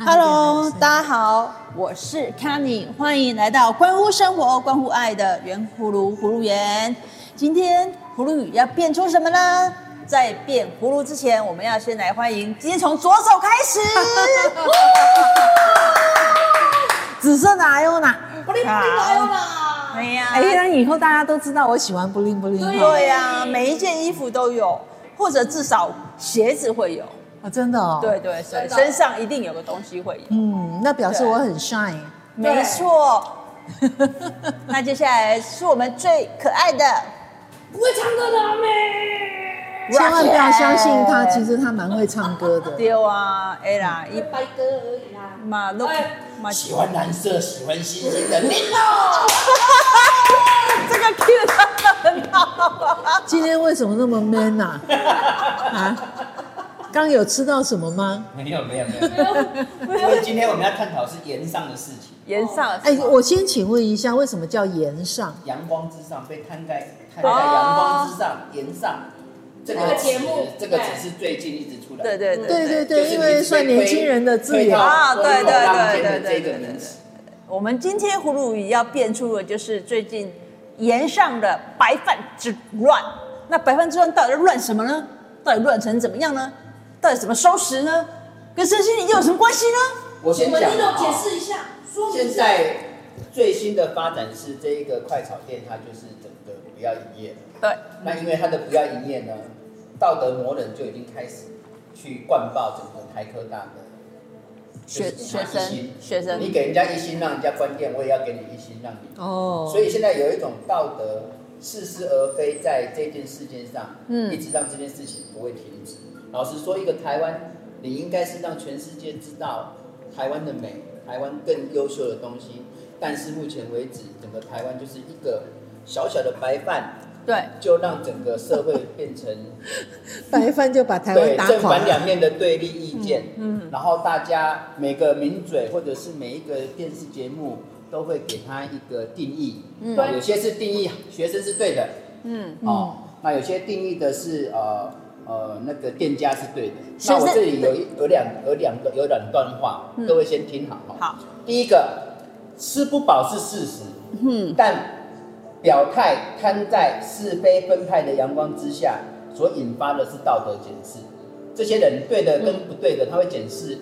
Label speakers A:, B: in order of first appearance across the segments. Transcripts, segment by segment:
A: Hello，大家好，我是 Canny，歡迎來到關乎生活、關乎愛的圓葫蘆葫蘆園。今天葫蘆雨要變出什麼呢？在變葫蘆之前，我們要先來歡迎。今天從左
B: 手開始。 哦、紫色的阿尤娜，bling bling 的阿尤娜。哎呀，哎呀，呀，以後大家都知道我喜歡 bling bling。對呀，
A: 每一件衣服都有，或者至少鞋子會有。啊、哦，真的哦！嗯、對對，身身上一定有個東西
B: 會有。嗯，那表示我很 shine。沒錯。
A: 那接下來是我們最可愛的不會唱歌的阿、啊、
B: 妹，千萬不要相信他，其實他蠻會唱歌的。丟
A: 啊，會啦，一擺歌而已啊馬洛、哎，喜歡藍色， 喜歡星星的。這個 Q 很好。
B: 今天為什麼那麼 man 呢？啊。 啊剛有吃到什麼嗎？沒有沒
A: 有沒有。所以 今天我們要
C: 探討是炎上的事情。
B: 炎上，哎、哦欸，我先請問一下，為什麼叫炎上？
C: 陽光之上被攤在，攤在陽光之上，炎、哦、上。
A: 這個節目，這個只、這
C: 個、是最近一直出來的。對對對對對，對、就是，因為算年輕人的自由啊。對對對對對對對我。我
A: 們今天葫蘆緣要變出的就是最近炎上的白飯之亂。那白飯之亂到底亂什麼呢？到底亂成怎麼樣呢？到底怎麼收拾呢？跟身心靈又有什麼關係呢？我先講解釋一下，說一下。現在
C: 最新的發展是，這一個快炒店，它就是整個不要營業。對。那因為它的不要營業呢，道德魔人就已經開始去灌爆整個台科大的學學生、就是。學生，你給人家一星，讓人家關店，我也要給你一星，讓你哦。所以現在有一種道德似是而非，在這件事情上、嗯，一直讓這件事情不會停止。老實說，一個台灣，你應該是讓全世界知道台灣的美，台灣更優秀的東西。但是目前為止，整個台灣就是一個小小的白飯，對，就讓整個社會變成
B: 白飯，就把台灣打對正反兩
C: 面的對立意見。嗯，嗯，然後大家每個名嘴或者是每一個電視節目都會給他一個定義，嗯，有些是定義學生是對的，嗯，哦，嗯，那有些定義的是呃。呃，那個店家是對的。是是那我這裡有一、有兩、有兩個、有兩段話，嗯、各位先聽好好，第一個，吃不飽是事實。嗯。但表態看在是非分派的陽光之下，所引發的是道德檢視。這些人對的跟不對的，嗯、他會檢視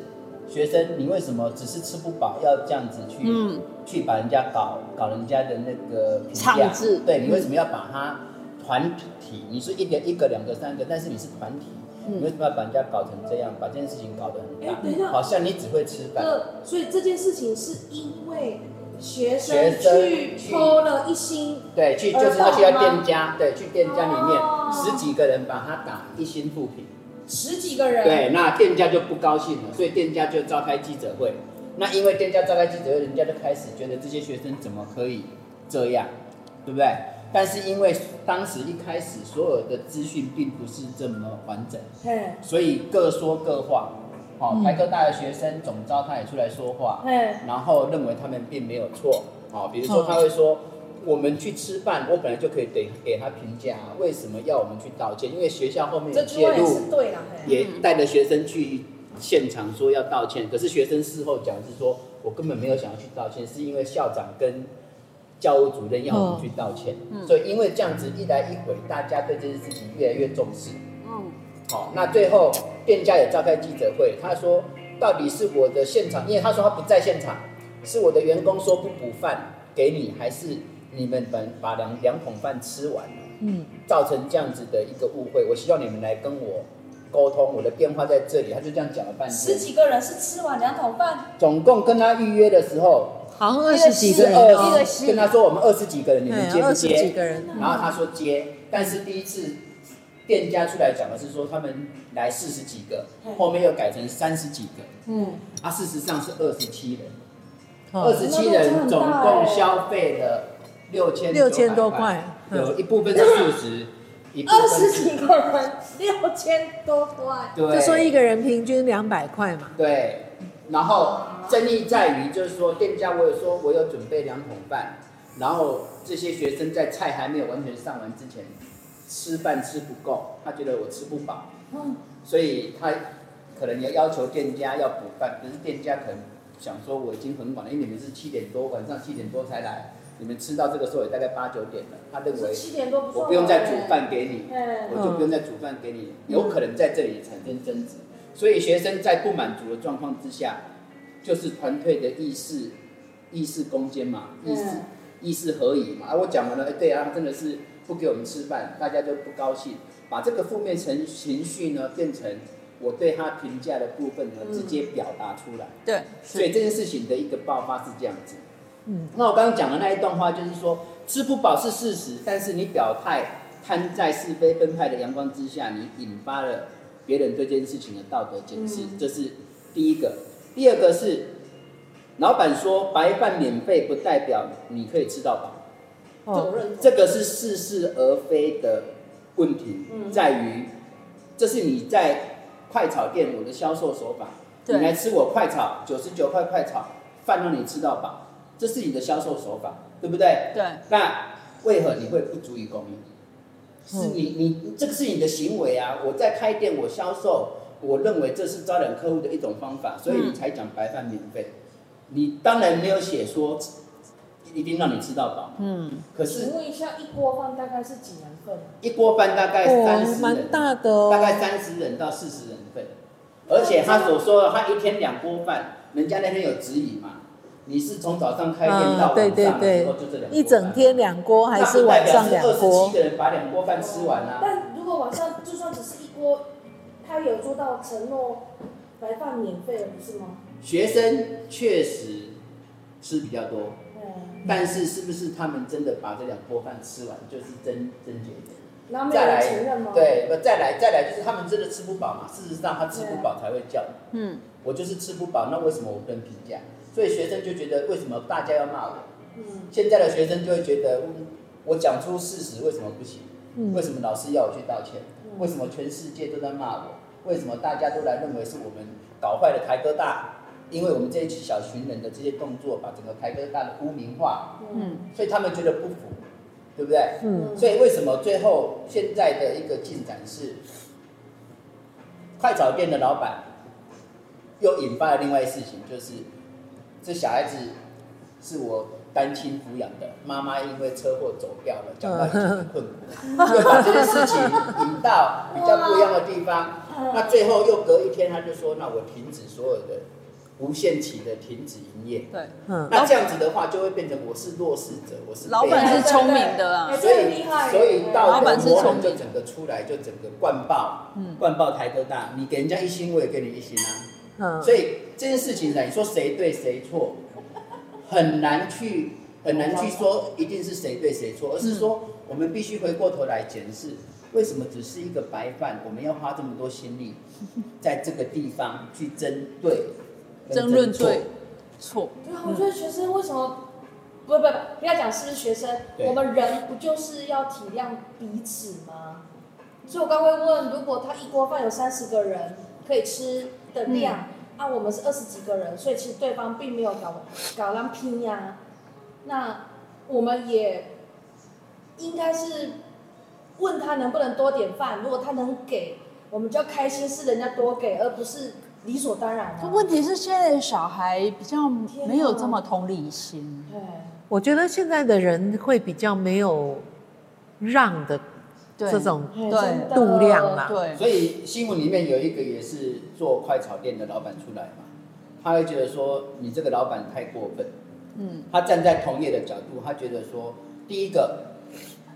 C: 學生，你為什麼只是吃不飽要這樣子去、嗯、去把人家搞搞人家的那個評價？唱對，你為什麼要把他？團體，你是一點一個、兩個、三個，但是你是團體，嗯、你為什麼要把人家搞成這樣，把這件事情搞得很大，欸、好像你只會吃飯、這
D: 個。所以這件事情
C: 是因為學生去偷了一星，對，去就是要去要店家，對，去店家裡面、哦、十幾個人把他打一星負評，十幾個人，對，那店家就不高興了，所以店家就召開記者會。那因為店家召開記者會，人家就開始覺得這些學生怎麼可以這樣，對不對？但是因為當時一開始所有的資訊並不是這麼完整，所以各說各話，哦、嗯，台科大的學生總召他也出來說話，然後認為他們並沒有錯，哦，比如說他會說、哦，我們去吃飯，我本來就可以給給他評價，為什麼要我們去道歉？因為學校後面有介入也、
D: 啊、也
C: 帶着學生去現場說要道歉，嗯、可是學生事後講是說我根本沒有想要去道歉，是因為校長跟。教務主任要我們去道歉，哦、嗯，所以因為這樣子一來一回，大家對這件事情越來越重視。嗯，好、哦，那最後店家也召開記者會，他說：“到底是我的現場，因為他說他不在現場，是我的員工說不補飯給你，還是你們把把兩兩桶飯吃完了嗯，造成這樣子的一個誤會，我希望你們來跟我溝通。”我的電話在這裡，他就這樣講了半天。十幾
D: 個人是吃完兩桶飯。
C: 總共跟他預約的時候。好，好像二十幾個人，哦，跟他說我們二十幾個人，你們接不接？然後他說接，嗯，但是第一次店家出來講的是說他們來四十幾個，嗯，後面又改成三十幾個，嗯，啊，事實上是二十七人，二十七人總共消費了六千六千多塊，有，嗯、一部分數值，嗯，二十幾
B: 個人六千多塊對，就說一個人平均兩百塊嘛，
C: 對。然後爭議在於，就是說店家，我有說，我有準備兩桶飯，然後這些學生在菜還沒有完全上完之前，吃飯吃不夠，他覺得我吃不飽，所以他可能也要求店家要補飯，可是店家可能想說我已經很晚了，因為你們是七點多晚上七點多才來，你們吃到這個時候也大概八九點了，他認為七點多我不用再煮飯給你，我就不用再煮飯給你，有可能在這裡產生爭執。所以學生在不滿足的狀況之下，就是團隊的意識、意識攻堅嘛，意識、嗯、意識合宜嘛。而、啊、我講完了、欸，對啊，真的是不給我們吃飯，大家就不高興，把這個負面情情緒呢，變成我對他評價的部分呢，嗯、直接表達出來。對，所以這件事情的一個爆發是這樣子。嗯，
D: 那我剛剛講的那一段
C: 話就是說，吃不飽是事實，但是你表態攤在是非分派的陽光之下，你引發了。別人對這件事情的道德解釋，這是第一個。第二個是，老闆說白飯免費不代表你可以吃到飽。這個是似是而非的問題，在於這是你在快炒店我的銷售手法。你來吃我快炒，九十九塊快炒飯讓你吃到飽，這是你的銷售手法，對不對？對。那為何你會不足以供應？是你你這個是你的行為啊！我在開店，我銷售，我認為這是招攬客戶的一種方法，所以你才講白飯免費、嗯。你當然沒有寫說一定讓你吃到飽。嗯，可是請問
D: 一下一鍋飯大概是幾人
C: 份？一鍋飯大概三十人、哦，蠻大的、哦，大概三十人到四十人份。而且他所說的，他一天兩鍋飯，人家那邊有質疑嘛。你是從早上開店到晚上。啊嗯對對對，就這兩，一
B: 整天兩鍋還是晚上？那不表示是二十七個人把兩鍋飯
C: 吃完啦，
D: 啊。但如果晚上就算只是一鍋，他有做到承諾白飯免費了，不是嗎？
C: 學生確實吃比較多
D: 對。
C: 啊，但是是不是他們真的把這兩鍋飯吃完，就是真真覺得，然後人人再來承認嗎？對，再來再來就是他們真的吃不飽嘛？事實上他吃不飽才會叫，啊，嗯，我就是吃不飽，那為什麼我不能評價？所以學生就覺得為什麼大家要罵我、嗯？現在的學生就會覺得，嗯、我講出事實為什麼不行、嗯？為什麼老師要我去道歉？嗯、為什麼全世界都在罵我？為什麼大家都來認為是我們搞壞了台科大、嗯？因為我們這一起小群人的這些動作，把整個台科大的污名化、嗯。所以他們覺得不服，對不對？嗯、所以為什麼最後現在的一個進展是，快炒店的老闆又引發了另外一事情，就是。這小孩子是我單親撫養的，媽媽因為車禍走掉了，講到很困惑，嗯，就把這件事情引到比較不一樣的地方。嗯、那最後又隔一天，他就說：“那我停止所有的無限期的停止營業。對”對、嗯，那這樣子的話就會變成我是弱勢者，我是老闆是聰明的啊，所以所以到魔人就整個出來就整個灌爆，灌、嗯、爆台都大。你給人家一星，我也給你一星啊。嗯、所以這件事情呢，你說誰對誰錯，很難去很難去說一定是誰對誰錯，而是說、嗯、我們必須回過頭來檢視，為什麼只是一個白飯，我們要花這麼多心力，在這個地方去針對，對爭論對錯？對啊，我覺得
D: 學生為什麼？不不不，不，不要講是不是學生，我們人不就是要體諒彼此嗎？所以我剛會問，如果他一鍋飯有三十個人可以吃。的量、嗯，啊，我們是二十幾個人，所以其實對方並沒有搞搞那拼呀。那我們也應該是問他能不能多點飯，如果他能給我們就要開心，是人家多給，而不是理所當然、啊。
A: 問題是現在小孩比較沒有這麼
B: 同理心。啊、對，我覺得現在的人會比較沒有讓的。對這種對度量嘛，所以
C: 新聞裡面有一個也是做快炒店的老闆出來嘛，他會覺得說你這個老闆太過分，嗯，他站在同業的角度，他覺得說，第一個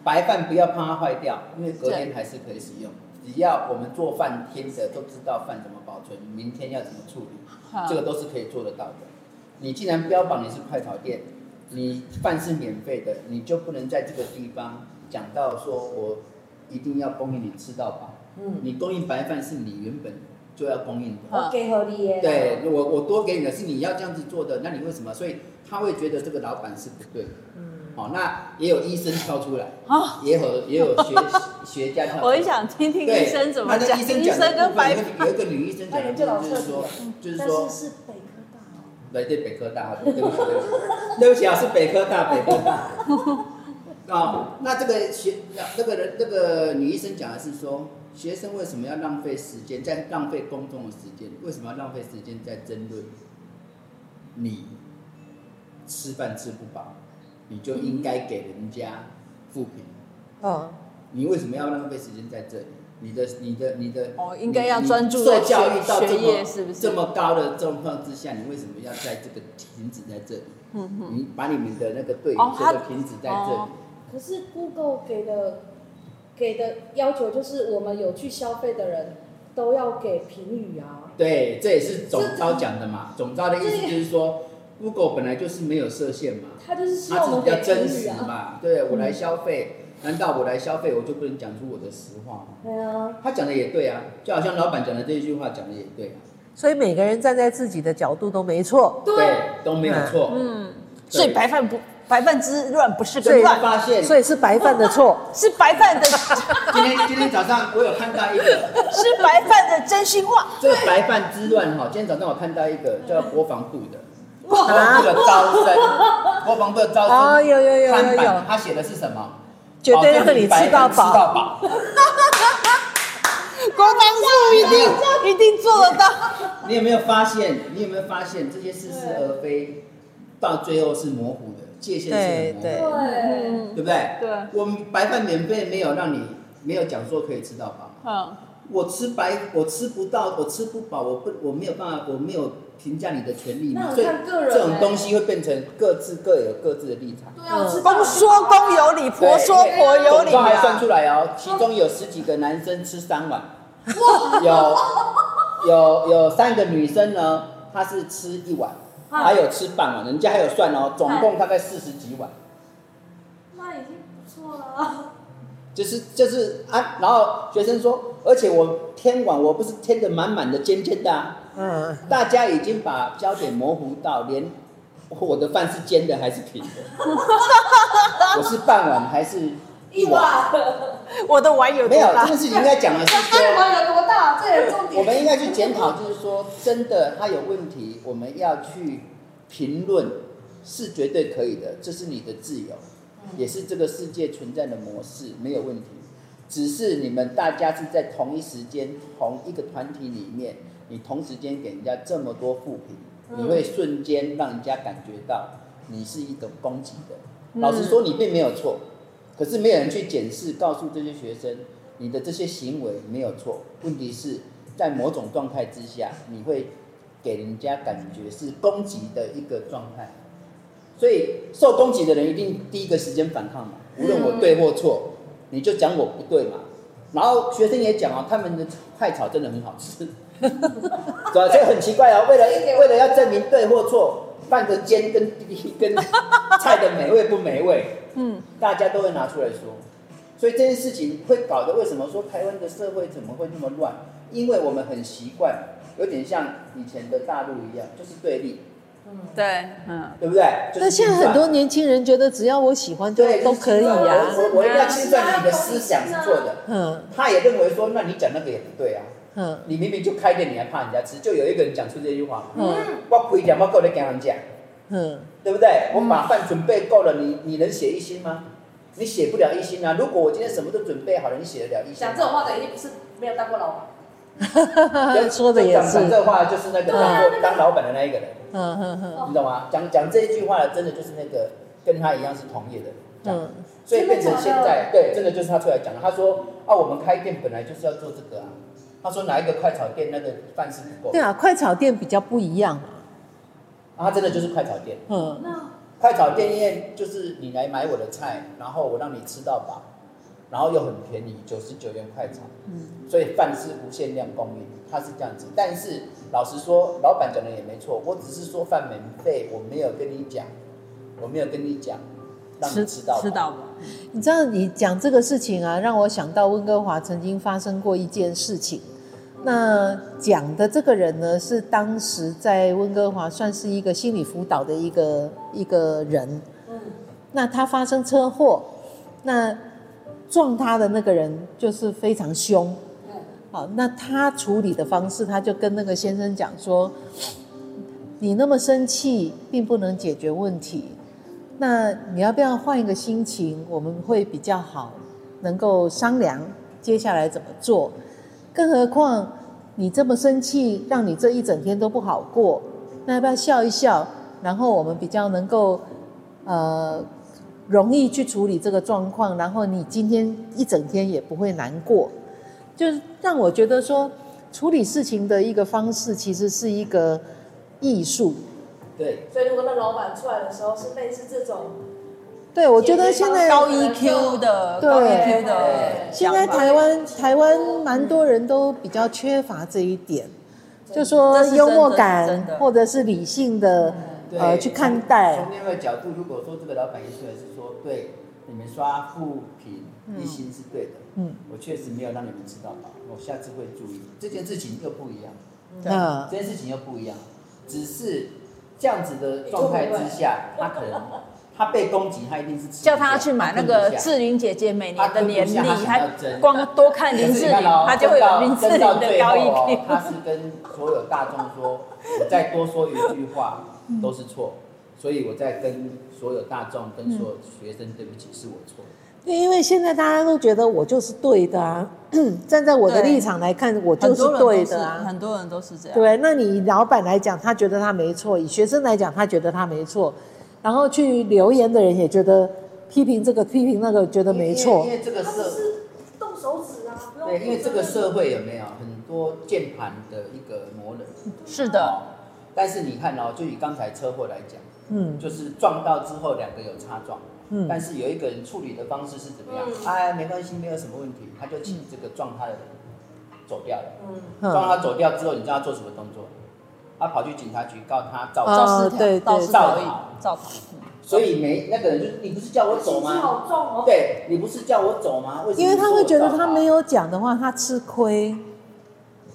C: 白飯不要怕它壞掉，因為隔天還是可以使用，只要我們做飯天者都知道飯怎麼保存，明天要怎麼處理，
D: 這個都是
C: 可以做得到的。你既然標榜你是快炒店，你飯是免費的，你就不能在這個地方講到說我。一定要供應你吃到飽。嗯，你供應白飯是你原本就要供應的，
D: 嗯、我給合理對
C: 我我多給你的是你要這樣子做的，那你為什麼？所以他會覺得這個老闆是不對。嗯，好、哦，那也有醫生跳出來，哦，也有也有學、哦、學家跳，我很
A: 想聽聽醫生怎麼講。
C: 醫生講，有一
A: 個女醫生講，啊，就是說，就、嗯、是說，
C: 是北對，對，北科大。對不起啊，是 北科大，北科大。 啊、哦，那這個學那、這個、那個人那個女醫生講的是說，學生為什麼要浪費時間在浪費公眾的時間？為什麼要浪費時間在爭論？你吃飯吃不飽，你就應該給人家負評。嗯，你為什麼要浪費時間在這裡？你的你的你的哦，應該要專注在學、受教育到學業，是不是？這麼高的狀況之下，你為什麼要在這個停止在這裡？嗯嗯，你把你們的那個隊伍這個停止在這裡。哦
D: 可是 Google 給的給的要求就是，我們有去消費的人，都要給評語啊。對，
C: 這也是總招講的嘛。總招的意思就是說、這個，Google 本來就是沒有設限嘛。
D: 他就是說他比較真實嘛、啊。
C: 對，我來消費、嗯，難道我來消費我就不能講出我的實話嗎？對、嗯、啊，他講的也對啊。就好像老闆講的這一句話講的也對、啊。
B: 所以每個人站在自己的角度都沒錯。對，對，
C: 都沒有錯。嗯，所以白飯不。
B: 白飯之亂不是最亂，這個，所以是白飯的錯？
A: 哦，是白飯的。今天今天早上我有看到一個，是白飯的真心話。這個白飯
C: 之亂哈，今天早上我看到一個叫國防部的，國防部的招生，啊、國防部的招生，哦，有有有，有，有，有。他寫的是什麼？絕對在這裡吃到飽。
D: 國防部一定一定做得到。
C: 你有沒有發現？你有沒有發現這些似是而非，到最後是模糊的？界限是很
A: 模糊的對對，對不對？
C: 對，我們白飯免費沒有讓你沒有講說可以吃到飽。嗯，我吃白我吃不到，我吃不飽，我不我沒有辦法，我沒有評價你的權利嘛。那我看個人、欸，這種東西會變成各自各有各自的立場。
D: 對啊，嗯、公說公
C: 有理，婆說婆有理啊。我們還算，算出來哦，其中有十幾個男生吃三碗，啊、有 有有，有三個女生呢，她是吃一碗。還有吃半碗，人家還有算哦，總共大概四十幾碗。那已經不錯
D: 了。
C: 就是就是啊，然後學生說，而且我添碗我不是添的滿滿的、尖尖的、嗯。嗯。大家已經把焦點模糊到連我的飯是尖的還是平的，
A: 我是
C: 半碗還是一碗，一碗？我的碗有多大？沒有，這個事情應該講的是半 碗有多大，
D: 這也是重點。我們應該去檢討，就是說
C: 真的，他有問題。我們要去評論，是絕對可以的，這是你的自由，也是這個世界存在的模式，沒有問題。只是你們大家是在同一時間同一個團體裡面，你同時間給人家這麼多負評，你會瞬間讓人家感覺到你是一種攻擊的。老實說，你並沒有錯，可是沒有人去檢視，告訴這些學生，你的這些行為沒有錯。問題是在某種狀態之下，你會。給人家感覺是攻擊的一個狀態，所以受攻擊的人一定第一個時間反抗嘛。無論我對或錯，你就講我不對嘛。然後學生也講啊，他們的菜草真的很好吃，對啊，所以很奇怪哦，為了為了要證明對或錯，半個尖跟一根菜的美味不美味，嗯，大家都會拿出來說。所以這件事情會搞得為什麼說台灣的社會怎麼會那麼亂？因為我們很習慣。有點像以前的大陸一樣，就是對立。嗯、對，嗯，對不對？那、就是、現在很多
B: 年輕人覺得，只要我喜歡就，就是、都可以呀、啊。我我我一定要清算你的思想是錯的。嗯。
C: 他也認為說，那你講那個也不對啊。嗯。你明明就開店，你還怕人家吃？就有一個人講出這句話。嗯。我開店，我夠得驚人家。嗯。對不對？我把飯準備夠了，你你能寫一星嗎？你寫不了一星啊！如果我今天什麼都準備好了，你寫得了一星？講
D: 這種話的一定不是沒有當過老闆。
C: 哈哈哈哈哈！講講這個話，就是那個當過當老闆的那一個人，嗯嗯嗯，你懂嗎？講講這一句話，真的就是那個跟他一樣是同業的，
B: 嗯，
C: 所以變成現在對，真的就是他出來講他說啊，我們開店本來就是要做這個啊。他說，哪一個快炒店那個飯是不夠？對啊，
B: 快炒店比較不一樣啊。
C: 他真的就是快炒店，嗯，快炒店因為就是你來買我的菜，然後我讓你吃到飽。然後又很便宜，九十九元快餐，嗯，所以飯是無限量供應，他是這樣子。但是老實說，老板講的也沒錯，我只是說飯免費，我沒有跟你講，我沒有跟你講，讓你知道。知道
B: 嗎？你知道你講這個事情啊，讓我想到溫哥華曾經發生過一件事情。那講的這個人呢，是當時在溫哥華算是一個心理輔導的一個一個人。嗯，那他發生車禍，那。撞他的那個人就是非常凶，好，那他處理的方式，他就跟那個先生講說：“你那麼生氣，並不能解決問題。那你要不要換一個心情？我們會比較好，能夠商量接下來怎麼做。更何況你這麼生氣，讓你這一整天都不好過。那要不要笑一笑？然後我們比較能夠，呃。”容易去處理這個狀況，然後你今天一整天也不會難過，就是讓我覺得說處理事情的一個方式其實是一個藝術。對。所以如果那老闆
C: 出來的
D: 時候是類似這種，
B: 對，我覺得現在高 EQ 的，對，高 EQ 的，對，對，現在台灣台灣蠻多人都比較缺乏這一點，就是說幽默感或者是理性的、嗯、呃去看待。從
C: 另外一個角度，如果說這個老闆一出對，你們刷負品一心是對的嗯。嗯，我確實沒有讓你們吃到飽，我下次會注意。這件事情又不一樣，嗯，這件事情又不一樣。只是這樣子的狀態之下，哎、他可能、啊、他被攻擊，他一定是
A: 叫他去買他那個志玲姐姐每年的年曆，還光多看林志玲、哦，他就會有林志玲的高一，他是
C: 跟所有大眾說，我再多說一句話、嗯、都是錯。所以我在跟所有大眾、跟所有學生，對不起，是我錯、
B: 嗯。因為現在大家都覺得我就是對的啊， 站在我的立場來看，我就是對的是啊。很
A: 多人都是這樣。對，那
B: 你老闆來講，他覺得他沒錯；以學生來講，他覺得他沒錯。然後去留言的人也覺得批評這個、批評那個，覺得沒錯。因為，因為
D: 這個社，動手指啊手
C: 指，
D: 對，因為這個社會有沒有很
C: 多鍵盤的一個魔人？是的。但是你看哦，就以剛才車禍來講。嗯，就是撞到之後兩個有擦撞，嗯，但是有一個人處理的方式是怎麼樣？哎、嗯啊，沒關係，沒有什麼問題，他就請這個撞他的人走掉了。嗯，嗯撞他走掉之後，你知道他做什麼動作？他跑去警察局，告他肇、肇事，對對，肇事逃逸、肇事逃逸。所以沒那個人就你不是叫我走嗎、哦？對，你不是叫我走嗎？為什麼？因為他會覺得
B: 他沒有講的話，他吃虧。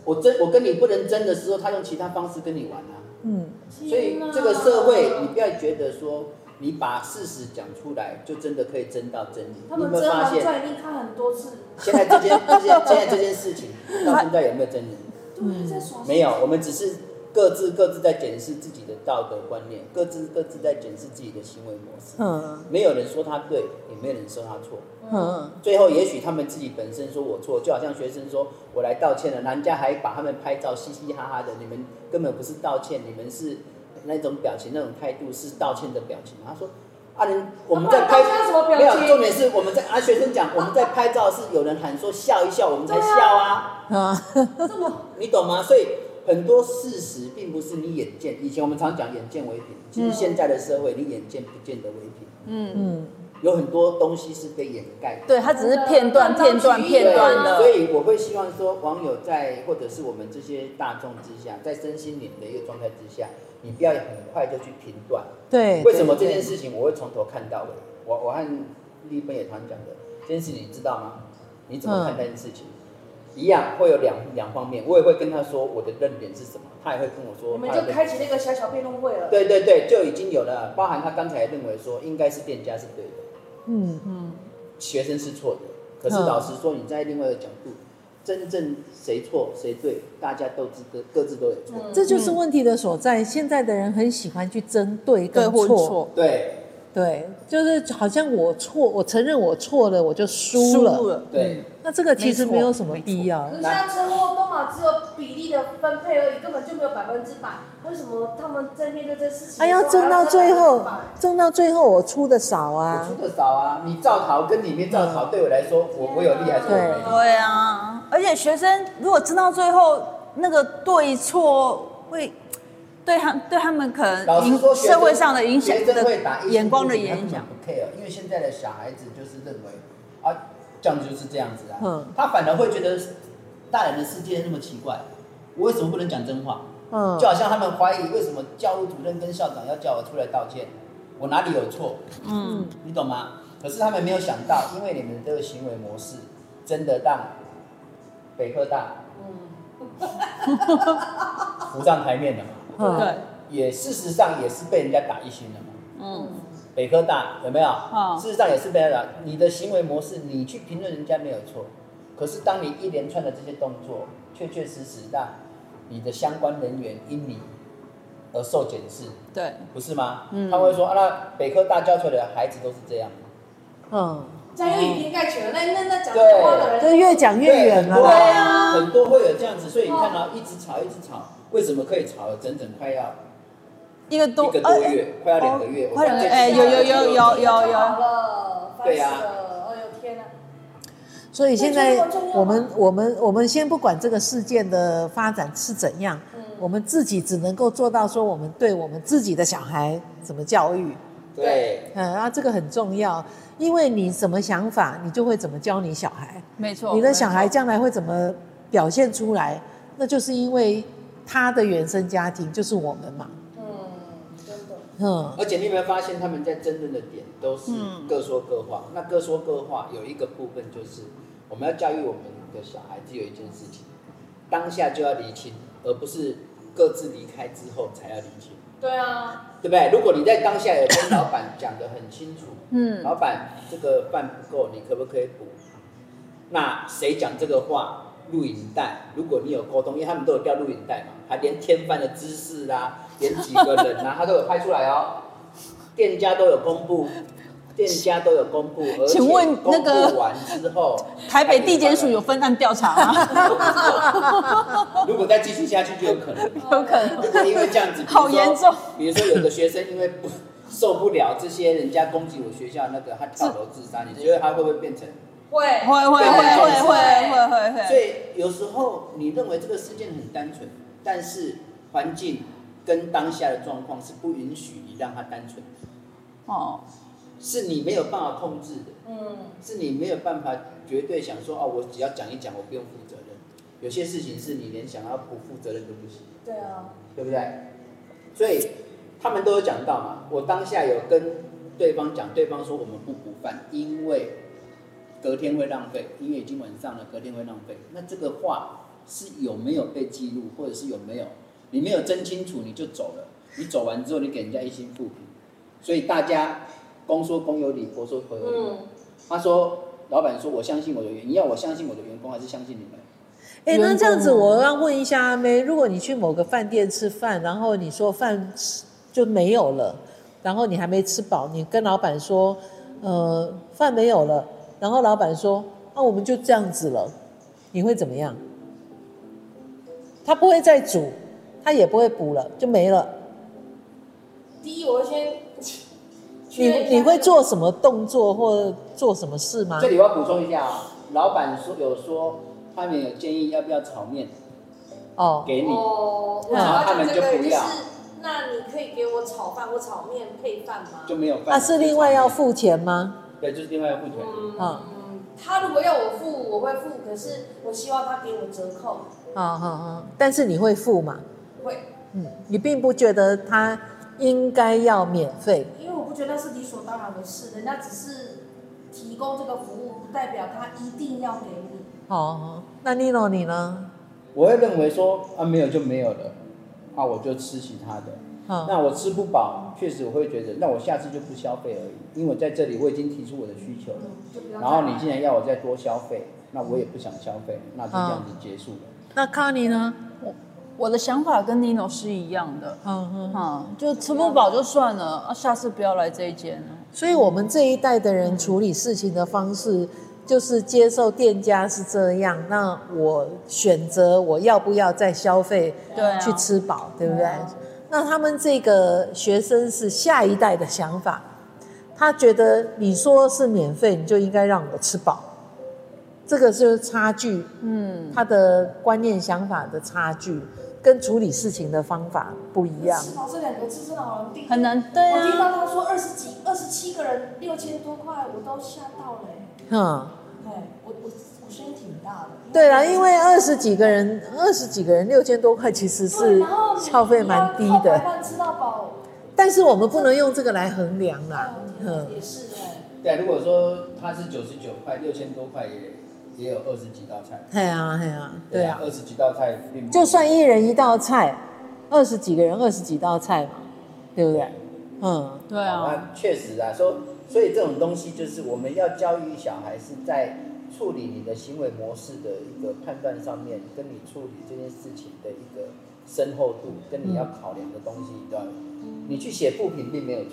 C: 我真，我跟你不能爭的時候，他用其他方式跟你玩、啊。嗯、啊，所以這個社會，你不要覺得說你把事實講出來，就真的可以爭到真理。你有沒有發現現在這
D: 件，
C: 現在這件 現在這件事情，到現在有沒有真理？ 嗯、
D: 沒有，我們
C: 只是。各自各自在檢視自己的道德觀念，各自各自在檢視自己的行為模式。嗯，沒有人說他對，也沒有人說他錯、嗯。嗯，最後也許他們自己本身說我錯，就好像學生說我來道歉了，人家還把他們拍照嘻嘻哈哈的，你們根本不是道歉，你們是那種表情、那種態度是道歉的表情。他說：“啊、我們在拍，沒、啊、有重點是我們在阿、啊、學生講，我們在拍照是有人喊說笑一笑，我們才笑啊啊，啊 你懂嗎？所以。”很多事實並不是你眼見，以前我們常講“眼見為憑”，其實現在的社會，你眼見不見得為憑。嗯嗯，有很多東西是被掩蓋的、嗯嗯掩蓋的。對，它只是片段、片段、片段的。所以我會希望說，網友在或者是我們這些大眾之下，在身心靈的一個狀態之下、嗯，你不要很快就去評斷。對，為什麼這件事情我會從頭看到尾？我我看立芬也團講的，這件事你知道嗎？你怎麼看待這件事情？嗯一樣會有兩兩方面，我也會跟他說我的論點是什麼，他也會跟我說。你們就開啟
D: 那個小小辯論會了。對
C: 對對，就已經有了。包含他剛才認為說應該是店家是對的，嗯嗯，學生是錯的。可是老實說，你在另外一個角度，真正誰錯誰對，大家都知，各各自都有錯，嗯嗯。這就是問
B: 題的所在。現在的人很喜歡去針對對或錯對。對，就是好像我錯，我承認我錯了，我就輸了。輸了對、嗯，
C: 那這個其實沒，沒有什
B: 麼必要。啊、像
D: 生活多少只有比例的分配而已，根本就沒有百分之百。為什麼他們在面對這事情？哎呀，爭到最後，
B: 爭到最後我、啊，我出的少啊，
C: 出
A: 的少啊！
C: 你造逃跟裡面造逃，對我來說，我我有利害。對
A: 啊對，對啊，而且學生如果爭到最後，那個對錯會。對他對他們可能老實說社會上的影響真的會打眼光的影響
C: 不 care，因為現在的小孩子就是認為啊，這樣就是這樣子啊。嗯，他反而會覺得大人的世界那麼奇怪，我為什麼不能講真話？嗯，
D: 就好像他
C: 們懷疑為什麼教務主任跟校長要叫我出來道歉，我哪裡有錯？嗯，你懂嗎？可是他們沒有想到，因為你們這個行為模式真的大北科大，嗯， 不上台面的。對、okay. 哦，也事實上也是被人家打一星的嘛。嗯，北科大有沒有、哦？事實上也是被人家打。你的行為模式，你去評論人家沒有錯，可是當你一連串的這些動作，確確實實讓你的相關人員因你而受檢視，對，不是嗎？嗯，他會說啊，那北科大教出來的孩子都是這樣。嗯，這樣又以偏概全了。那
D: 那那講錯話的人，這越講越遠啊。對啊，
C: 很多會有這樣子，所以你看到、哦、一直吵，一直吵。為什麼
B: 可以吵整整快
A: 要
C: 一個多、哎、一個多月、哎，快要兩個月？快、哦、哎，哎，哎，有有有有有有，對、哎、呀、
D: 哦啊！所以現在我
B: 們我們我們，我們先不管這個事件的發展是怎樣、嗯，我們自己只能夠做到說我們對我們自己的小孩怎麼教育，
C: 對，
B: 嗯，啊，這個很重要，因為你什麼想法，你就會怎麼教你小孩，
A: 沒錯，你的小
B: 孩將來會怎麼表現出來，那就是因為。他的原生家庭就是我們嘛，嗯，真的，嗯，而
C: 且你有沒有發現他們在爭論的點都是各說各話、嗯，那各說各話有一個部分就是我們要教育我們的小孩子有一件事情，當下就要釐清，而不是各自離開之後才要釐清。
D: 對
C: 啊，對不對？如果你在當下有跟老闆講得很清楚，嗯，老闆，這個飯不夠，你可不可以補？那誰講這個話？錄影帶，如果你有溝通，因為他們都有掉錄影帶嘛，還連天翻的姿勢啊，連幾個人啊，他都有拍出來哦。店家都有公布，店家都有公布，而且公布完之後，那個、台北地檢
A: 署有分案調查嗎？如。
C: 如果再繼續下去，就有可能，有可能，因為這樣子好嚴重。比如說，有的學生因為不受不了這些人家攻擊我學校，那個他跳樓自殺，你覺得他會不會變成？
A: 會會會會會會會會，會。所以
C: 有時候你認為這個事件很單純，但是環境跟當下的狀況是不允許你讓他單純，哦，是你沒有辦法控制的，嗯，
D: 是你沒
C: 有辦法絕對想說哦，我只要講一講，我不用負責任，有些事情是你連想要不負責任都不行，對啊，對不對？所以他們都有講到嘛，我當下有跟對方講，對方說我們不補飯，因為。隔天會浪費，因為已經晚上了。隔天會浪費，那這個話是有沒有被記錄，或者是有沒有你沒有真清楚你就走了，你走完之後你給人家一星負評。所以大家公說公有理，婆說婆有理。嗯、他說老闆說，我相信我的員，你要我相信我的員工還是相信你們？哎、啊，那這樣子我要
B: 問一下阿妹，如果你去某個飯店吃飯，然後你說飯就沒有了，然後你還沒吃飽，你跟老闆說，呃，飯沒有了。然後老板說：“那、啊、我們就這樣子了，你會怎麼樣？他不會再煮，他也不會補了，就沒了。”
C: 第一，我會先。你你會做
B: 什麼動作或做什麼事嗎？這裡我要補充一下，
C: 老板說有說他們有建議，要不要炒面？
B: 哦，給你。
C: 哦，然後他們就不要。
D: 那你可以給我炒飯或炒面配飯嗎？
B: 就沒有。那是另外要付錢嗎？
C: 就
B: 是
D: 另外一付錢嗯。嗯，他如果要我付，我會付，可是我希望他給我折扣。
B: 好好好，但是你會付嗎？會。嗯，你並不覺得他應該要免費？
D: 因為我不覺得那是理所當然的事，人家只是提供這個服務，不代表
B: 他一定要給你。哦，那尼諾
C: 你呢？我會認為說啊，沒有就沒有了，那、啊、我就吃其他的。那我吃不飽，確實我會覺得，那我下次就不消費而已。因為我在這裡我已經提出我的需求了，嗯，然後你既然要我再多消費，那我也不想消費，嗯，那就這樣子結束了。
A: 那卡尼呢？我我的想法跟尼諾是一樣的，嗯
B: 哼，嗯，就吃不飽
A: 就算了，啊、嗯、下次不要來這一間了。
B: 所以，我們這一代的人處理事情的方式，嗯，就是接受店家是這樣，那我選擇我要不要再消費，對，去吃飽，對，啊、對不對？對啊那他們這個學生是下一代的想法，他覺得你說是免費，你就應該讓我吃飽，這個是差距，嗯，他的觀念想法的差距，跟處理事情的方法不一
D: 樣。吃飽這兩
B: 個字
A: 真的很難，很難，對啊。我聽到
D: 他說二十幾、二十七個人六千多塊，我都嚇到了。哼！對，我我我聲音挺大的。對了，
B: 因為二十,二十幾個人，二十幾個人，六千多塊其實是消費蠻低的。但是我們不能用這個來衡量啦。嗯、啊，也是對、嗯
C: 對啊，如果說他是九十九塊，六千多塊也，也有二十幾道菜。對啊，對啊。對啊，二十幾道菜，就算一
B: 人一道菜，二十幾個人，二十幾道菜嘛，對不對？嗯，
C: 對啊。對啊，對啊，對啊，對啊，嗯、確實啊，說。所以這種東西就是我們要教育小孩，是在處理你的行為模式的一個判斷上面，跟你處理這件事情的一個深厚度，跟你要考量的東西，一段你去寫复評並沒有錯，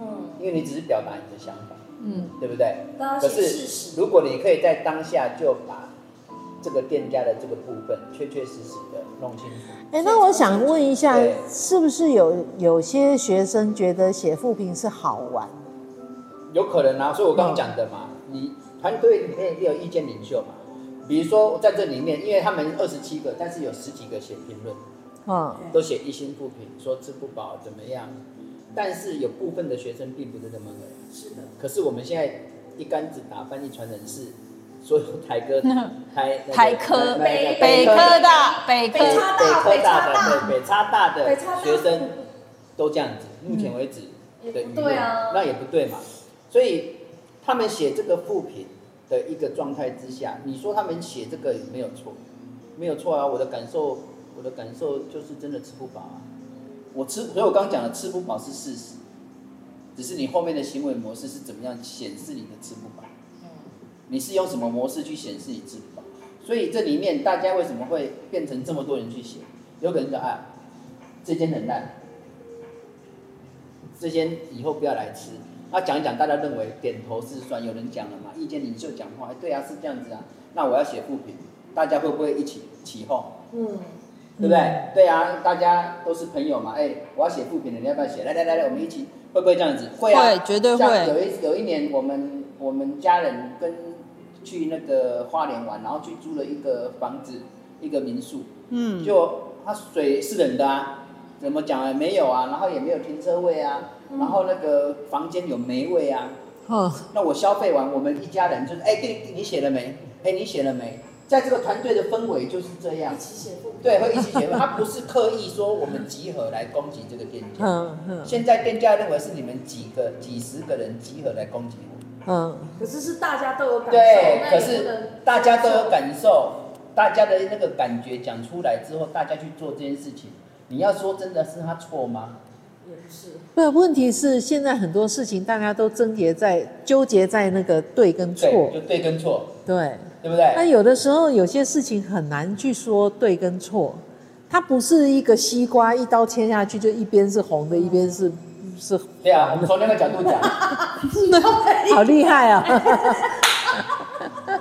C: 嗯，因為你只是表達你的想法，嗯，對不對試試？可是如果你可以在當下就把這個店家的這個部分確確實實的弄清
B: 楚。哎，那我想問一下，是不是有有些學生覺得寫复評是好玩？
C: 有可能啊，所以我剛剛講的嘛，嗯、你團隊裡面也有意見領袖嘛，比如說我在這裡面，因為他們二十七個，但是有十幾個寫評論，哦、嗯，都寫一星負評，說吃不飽怎麼樣、嗯，但是有部分的學生並不是這麼的，是的。可是我們現在一竿子打翻一船人是，所有台科、嗯，台、那個、台科、台那個、北北科大、
A: 北科北科大、北北科大的北科大
C: 的北差大的學生都這樣子，嗯、目前為止的輿論、嗯，對、啊，那也不對嘛。所以他們寫這個副品的一個狀態之下，你說他們寫這個有沒有錯？沒有錯啊！我的感受，我的感受就是真的吃不飽。啊。我吃，所以我剛講的吃不飽是事實，只是你後面的行為模式是怎麼樣顯示你的吃不飽？嗯、你是用什麼模式去顯示你吃不飽？所以這裡面大家為什麼會變成這麼多人去寫？有可能是啊，這間很爛，這間以後不要來吃。那、啊、講一講，大家認為點頭是算有人講了嘛？意見領袖講話，哎、欸，對啊，是這樣子啊。那我要寫負評，大家會不會一起起哄？嗯，對不對？對啊，大家都是朋友嘛。哎、欸，我要寫負評的，你要不要寫？來來來我們一起，會不會這樣子？會啊，絕對會。有一有一年，我們我們家人跟去那個花蓮玩，然後去租了一個房子，一個民宿。嗯，就它、啊、水是冷的啊。怎麼講啊？沒有啊，然後也沒有停車位啊，嗯、然後那個房間有霉味啊。哦、嗯，那我消費完，我們一家人就是哎，對、欸，你寫了沒？哎、欸，你寫了沒？在這個團隊的氛圍就是這樣，一起寫負面，對，會一起寫負面。他、 啊、不是刻意說我們集合來攻擊這個店家。嗯嗯。現在店家認為是你們幾個幾十個人集合來攻擊我。嗯。
D: 可是是大家都有感受，對，可是大家，大家都有
C: 感受，大家的那個感覺講出來之後，大家去做這件事情。你要說真的是他錯
B: 嗎？也不是不。問題是現在很多事情大家都糾結在糾結在那個對跟錯，就
C: 對跟錯。
B: 對。對不對？那有的時候有些事情很難去說對跟錯，它不是一個西瓜一刀切下去就一邊是紅的，嗯、一邊是是的。
C: 對啊，我們從那個
A: 角度講， 好厲害啊、
C: 哦！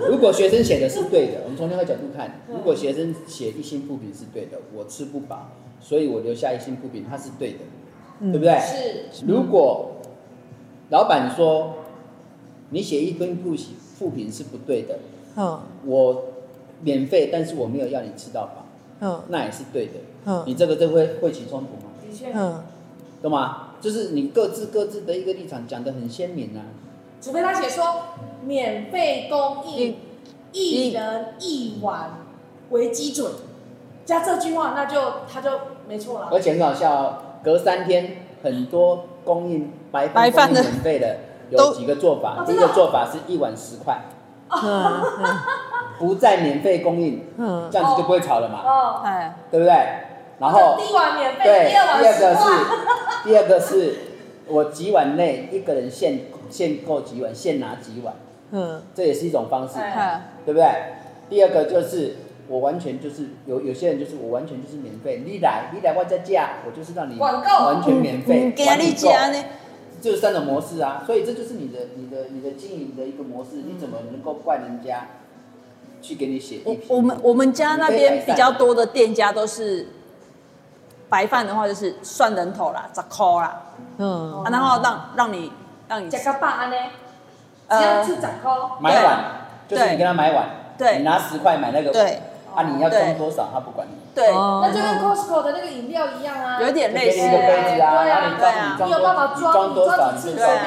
C: 如果學生寫的是對的。從另外一個角度看，如果學生寫一星負評是對的，我吃不飽，所以我留下一星負評，他是對的，嗯，
D: 對不對？是。如
C: 果老闆說你寫一根負評是不對的，我免費，但是我沒有要你吃到飽，那也是對的，你這個就會會起衝突嗎？的確。嗯，懂嗎？就是你各自各自的一個立場講得很鮮明啊，除
D: 非他寫說免費公益。一人一碗為基準，嗯、加這句話，那就他就沒錯了、啊。而且很搞
C: 笑、哦，隔三天很多供應白飯免費的有幾個做法，第一個做法是一碗十塊、哦嗯哦，不再免費供應、
D: 哦，這樣子就不會吵了嘛，哦、對不
C: 對？哦哎、然後第一
D: 碗免費，對，第二碗十塊，第二個是，
C: 第二個是我幾碗內一個人限限購幾碗，限拿幾碗、嗯，這也是一種方式。哎哎對不對？第二個就是我完全就是有有些人就是我完全就是免費，你來你來我再加，我就是讓你完全免費，嗯、全嗯、你全呢就三種模式啊，所以這就是你的你的你的，你的經營的一個模式，你怎麼能夠怪人家去給你寫、嗯？我我們
A: 我們家那邊比較多的店家都是白飯的話就是算人頭啦，十塊啦，嗯，啊、然後讓讓你讓你一個百安呢，只要出
D: 十塊，碗、
C: 嗯。就是你跟他買碗，對，你拿十塊買那個對，啊，你要裝多少，他不管你。對，對
D: 對，那就跟 Costco 的那個飲料一樣啊，有點類似、啊啊。對啊，你有辦法裝多，多，多少？裝多少你就裝、啊。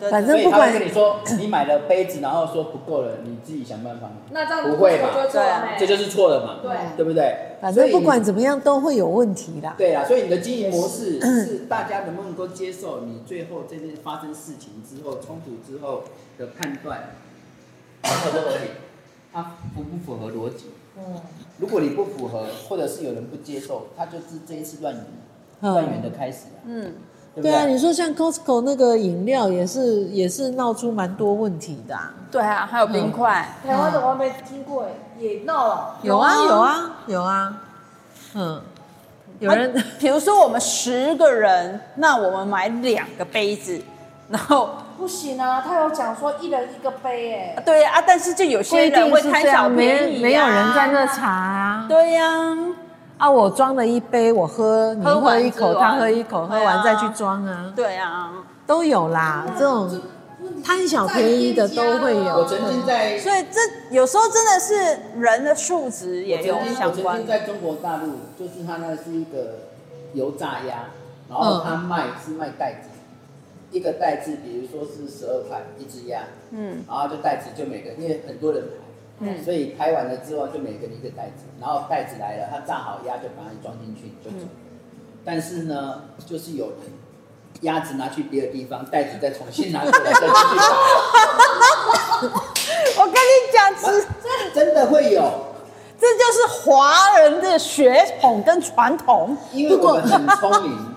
D: 對，反正不管跟
C: 你說，你買了杯子，然後說不夠了，你自己想辦法。那這樣不會吧對、啊對啊、這就是錯的嘛對、啊？對，對不對？反正不管
B: 怎麼樣，都會有問題的。對啊，所以你的經營模式是、嗯、
C: 是大家能不能夠接受？你最後這件發生事情之後，衝突之後的判斷。合、 啊、不合理？它符不符合邏輯？嗯，如果你不符合，或者是有人不接受，它就是這一次亂源，亂、嗯、源的開始啊，嗯，對對嗯。嗯，對啊，你說
B: 像 Costco 那個飲料也是也是鬧出蠻多問題的、啊。
D: 對啊，還有冰塊、嗯，台灣怎麼沒聽過？哎、嗯，也鬧了。有啊有啊
B: 有啊，嗯，有人，比 如說我
A: 們十個人，那我們買兩個杯子，然
D: 後。不行啊，他有講說一人一個杯誒、
B: 欸。對啊，
A: 但是就有些人會貪小便宜、啊、沒沒有
D: 人在
B: 那查啊。對呀、啊，啊，我裝了一杯，我喝，你喝一口，喝完完他喝一口，啊、喝完再去裝啊。對啊，都有啦，這種貪小便宜的都會有。我曾經在，所以這有時候真的是人的
A: 素
C: 質也有相關。我曾經在中國大陸，就是他那是一個油炸鴨，然後他賣是賣袋子。一個袋子，比如說是十二塊一只鴨，嗯，然後就袋子就每個，因為很多人排，嗯，所以排完了之後就每個人一個袋子，然後袋子來了，他炸好鴨就把它裝進去就走，嗯。但是呢，就是有人鴨子拿去別的地方，袋子再重新拿出來。 我跟你講，真真的會有，
B: 這就是華人的血統跟傳統，因為我們很聰
C: 明。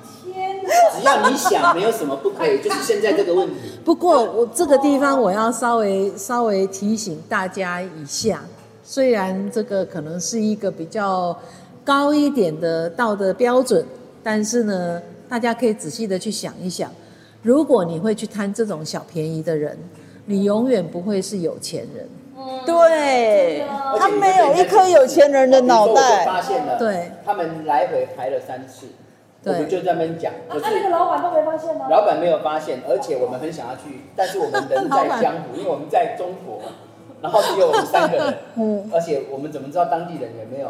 C: 只要你想，沒有什麼不可以。就是現在這個
B: 問題。 不過我這個地方我要稍微稍微提醒大家一下，雖然這個可能是一個比較高一點的道德標準，但是呢，大家可以仔細的去想一想，如果你會去貪這種小便宜的人，你永遠不會是有錢人。嗯、
A: 對人
B: 他沒有一顆有錢人
A: 的腦袋。喔、我發現了，對，
C: 他們來回排了三次。我們就在那邊講，可、就是老
D: 闆都沒發現嗎？老闆沒
C: 有發現，而且我們很想要去，但是我們人在江湖，因為我們在中國，然後只有我們三個人， 嗯，而且我們怎麼知道當地人有沒有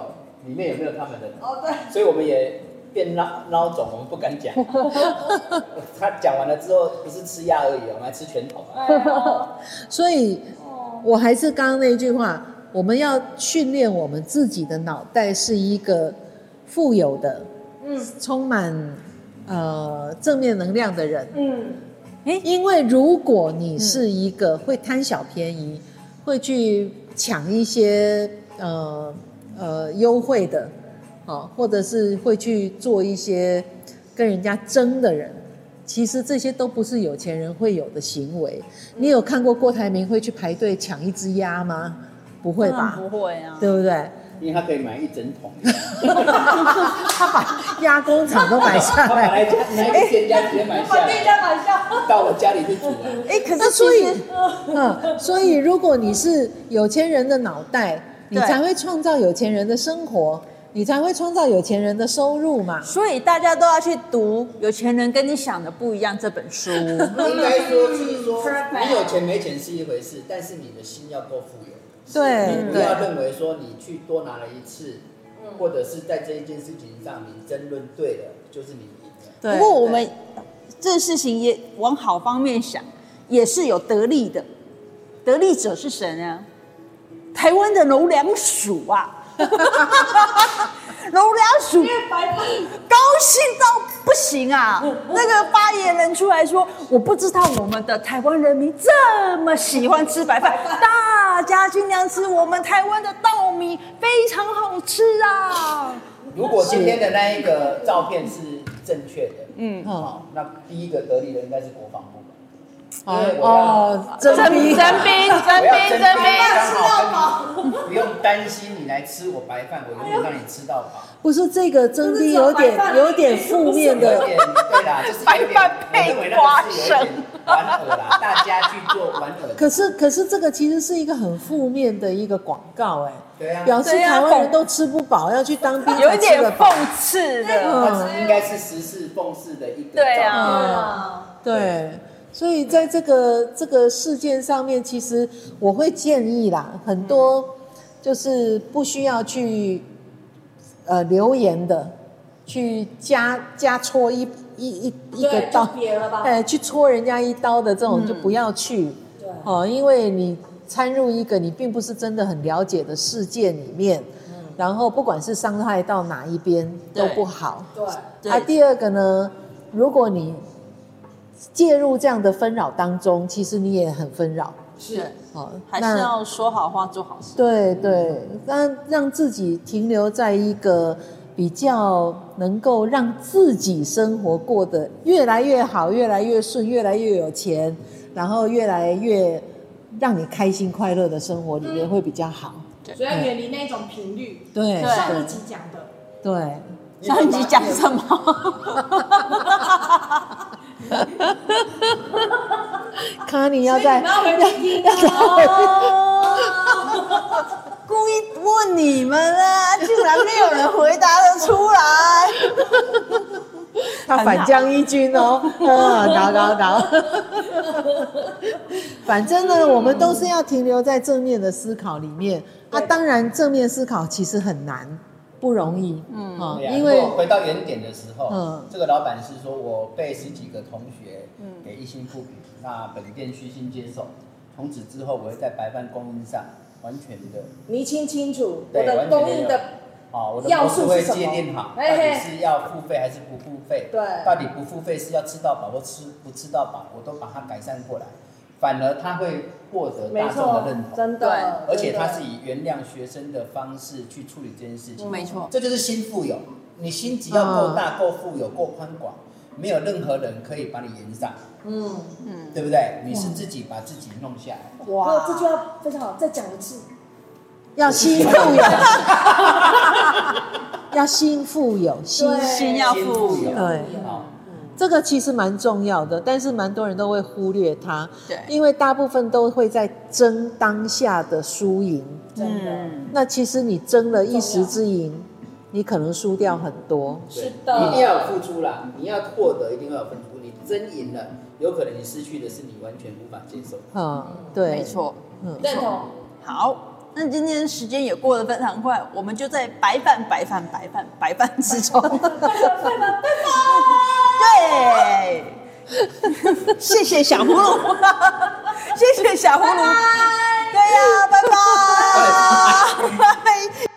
C: 裡面有沒有他們的？哦，對。所以我們也變孬孬種，我們不敢講。 他講完了之後，不是吃鴨而已，我們還吃拳頭。哎、
B: 所以，我還是剛剛那句話，我們要訓練我們自己的腦袋是一個富有的。嗯，充滿，呃，正面能量的人。嗯，欸、因為如果你是一個會貪小便宜，嗯、會去搶一些呃呃優惠的、哦，或者是會去做一些跟人家爭的人，其實這些都不是有錢人會有的行為。嗯、你有看過郭台銘會去排隊搶一隻鴨嗎？嗯、不會吧？不
A: 會啊，對
B: 不
C: 對？
A: 因為他可以買一整桶，他把壓工廠都買下來， 買本來、哎、家買下到我家裡去煮。哎，可是所以， 嗯，所以如
B: 果你是有錢人的腦袋，嗯、你才會創造有錢人的生活，你才會創造有錢人的收入嘛。所以大家都要
A: 去讀《有錢人跟你想的不一樣》這本書。嗯、 應該說，就是說，Perfect.
C: 你有錢沒錢是一回事，但是你的心要夠富裕。對，你不要認為說你去多拿了一次，或者是在這一件事情上你爭論對了，就是你贏了。不過我
A: 們這事情也往好方面想，也是有得利的，得利者是誰呢？臺灣的農糧署啊。哈哈哈龍高興到不行啊！那個發言人出來說：“我不知道我們的台灣人民這麼喜歡吃白飯，大家儘量吃我們台灣的稻米，非常好吃啊！”如果今天的那一個
C: 照片是正確的，嗯，好，那第一個得力的應該是國防部。哦，徵兵，徵兵，徵、啊、兵，徵兵，不要吃到飽嗎？不用擔心，你來吃我白飯，我一定讓你吃到飽。
B: 不是這個徵兵有點有點負面的，
C: 白飯配花生，就是、玩梗啦，大家去做玩梗。
B: 可是可是這個其實是一個很負面的一個廣告，哎，對啊，表示、啊、台灣人都吃不飽，要去當兵，有點諷刺的、嗯，應該是
C: 時事諷刺的一個、啊，
B: 對啊，對。所以在這個這個事件上面，其實我會建議啦，很多就是不需要去呃留言，的，去加加戳一一一一個刀，呃，去戳人家一刀的這種就不要去，嗯、對哦，因為你參入一個你並不是真的很了解的事件裡面，嗯、然後不管是傷害到哪一邊都不好。對，那、啊、第二個呢，如果你。介入這樣的紛擾當中，其實你也很紛擾。是，好，還是
A: 要說好話，做好事。對
B: 對，那、嗯、讓自己停留在一個比較能夠讓自己生活過得越來越好、越來越順、越來越有錢，然後越來越讓你開心快樂的生活裡面、嗯、會比較好。
D: 所以遠離嗯、對，要遠離那種頻率。對，上一集講的。對，上一集講什麼？
B: 哈哈哈哈哈！卡尼要在、啊哦、 故意問你們啊，竟然沒有人回答得出來！他反將一軍哦！啊、 哦，倒倒倒！ 反正呢，我們都是要停留在正面的思考裡面。他、啊、當然正面思考其實很難。不容易，嗯，因為、啊、回
C: 到原點的時候，嗯，這個老板是說，我被十幾個同學，嗯，給一星負評，嗯、那本店虛心接受。從此之後，我會在白飯供應上完全的，
D: 你清清楚我的供應的
C: 啊，我的模式會界定好嘿嘿，到底是要付費還是不付費？對，到底不付費是要吃到飽，我吃不吃到飽，我都把它改善過來。反而他會獲得大眾的認同，真
A: 的，而且他是以
C: 原諒學生的方式去處理這件事情。嗯、沒錯，這就是心富有。你心只要夠大、嗯、夠富有、夠寬廣，沒有任何人可以把你延上。嗯嗯，對不對？你是自己把自己弄下來。
D: 哇，這句話非常好，再講一次，
C: 要心富有，
B: 要心富有，心心要富有。對這個其實蠻重要的，但是蠻多人都會忽略它。對，因為大部分都會在爭當下的輸贏。嗯，那其實你爭了一時之贏，你可能輸掉很多。是的，一定要有付
C: 出啦，你要獲得，一定要有付出。你爭贏了，有可能你失去的是你完全無法接受。
A: 嗯，對，沒錯。嗯，認同。好。那今天時間也過得非常快，我們就在白飯、白飯、白飯、白飯之中， 對， 謝謝小葫蘆， 謝謝小葫蘆，對呀、啊，拜 拜。Bye. Bye.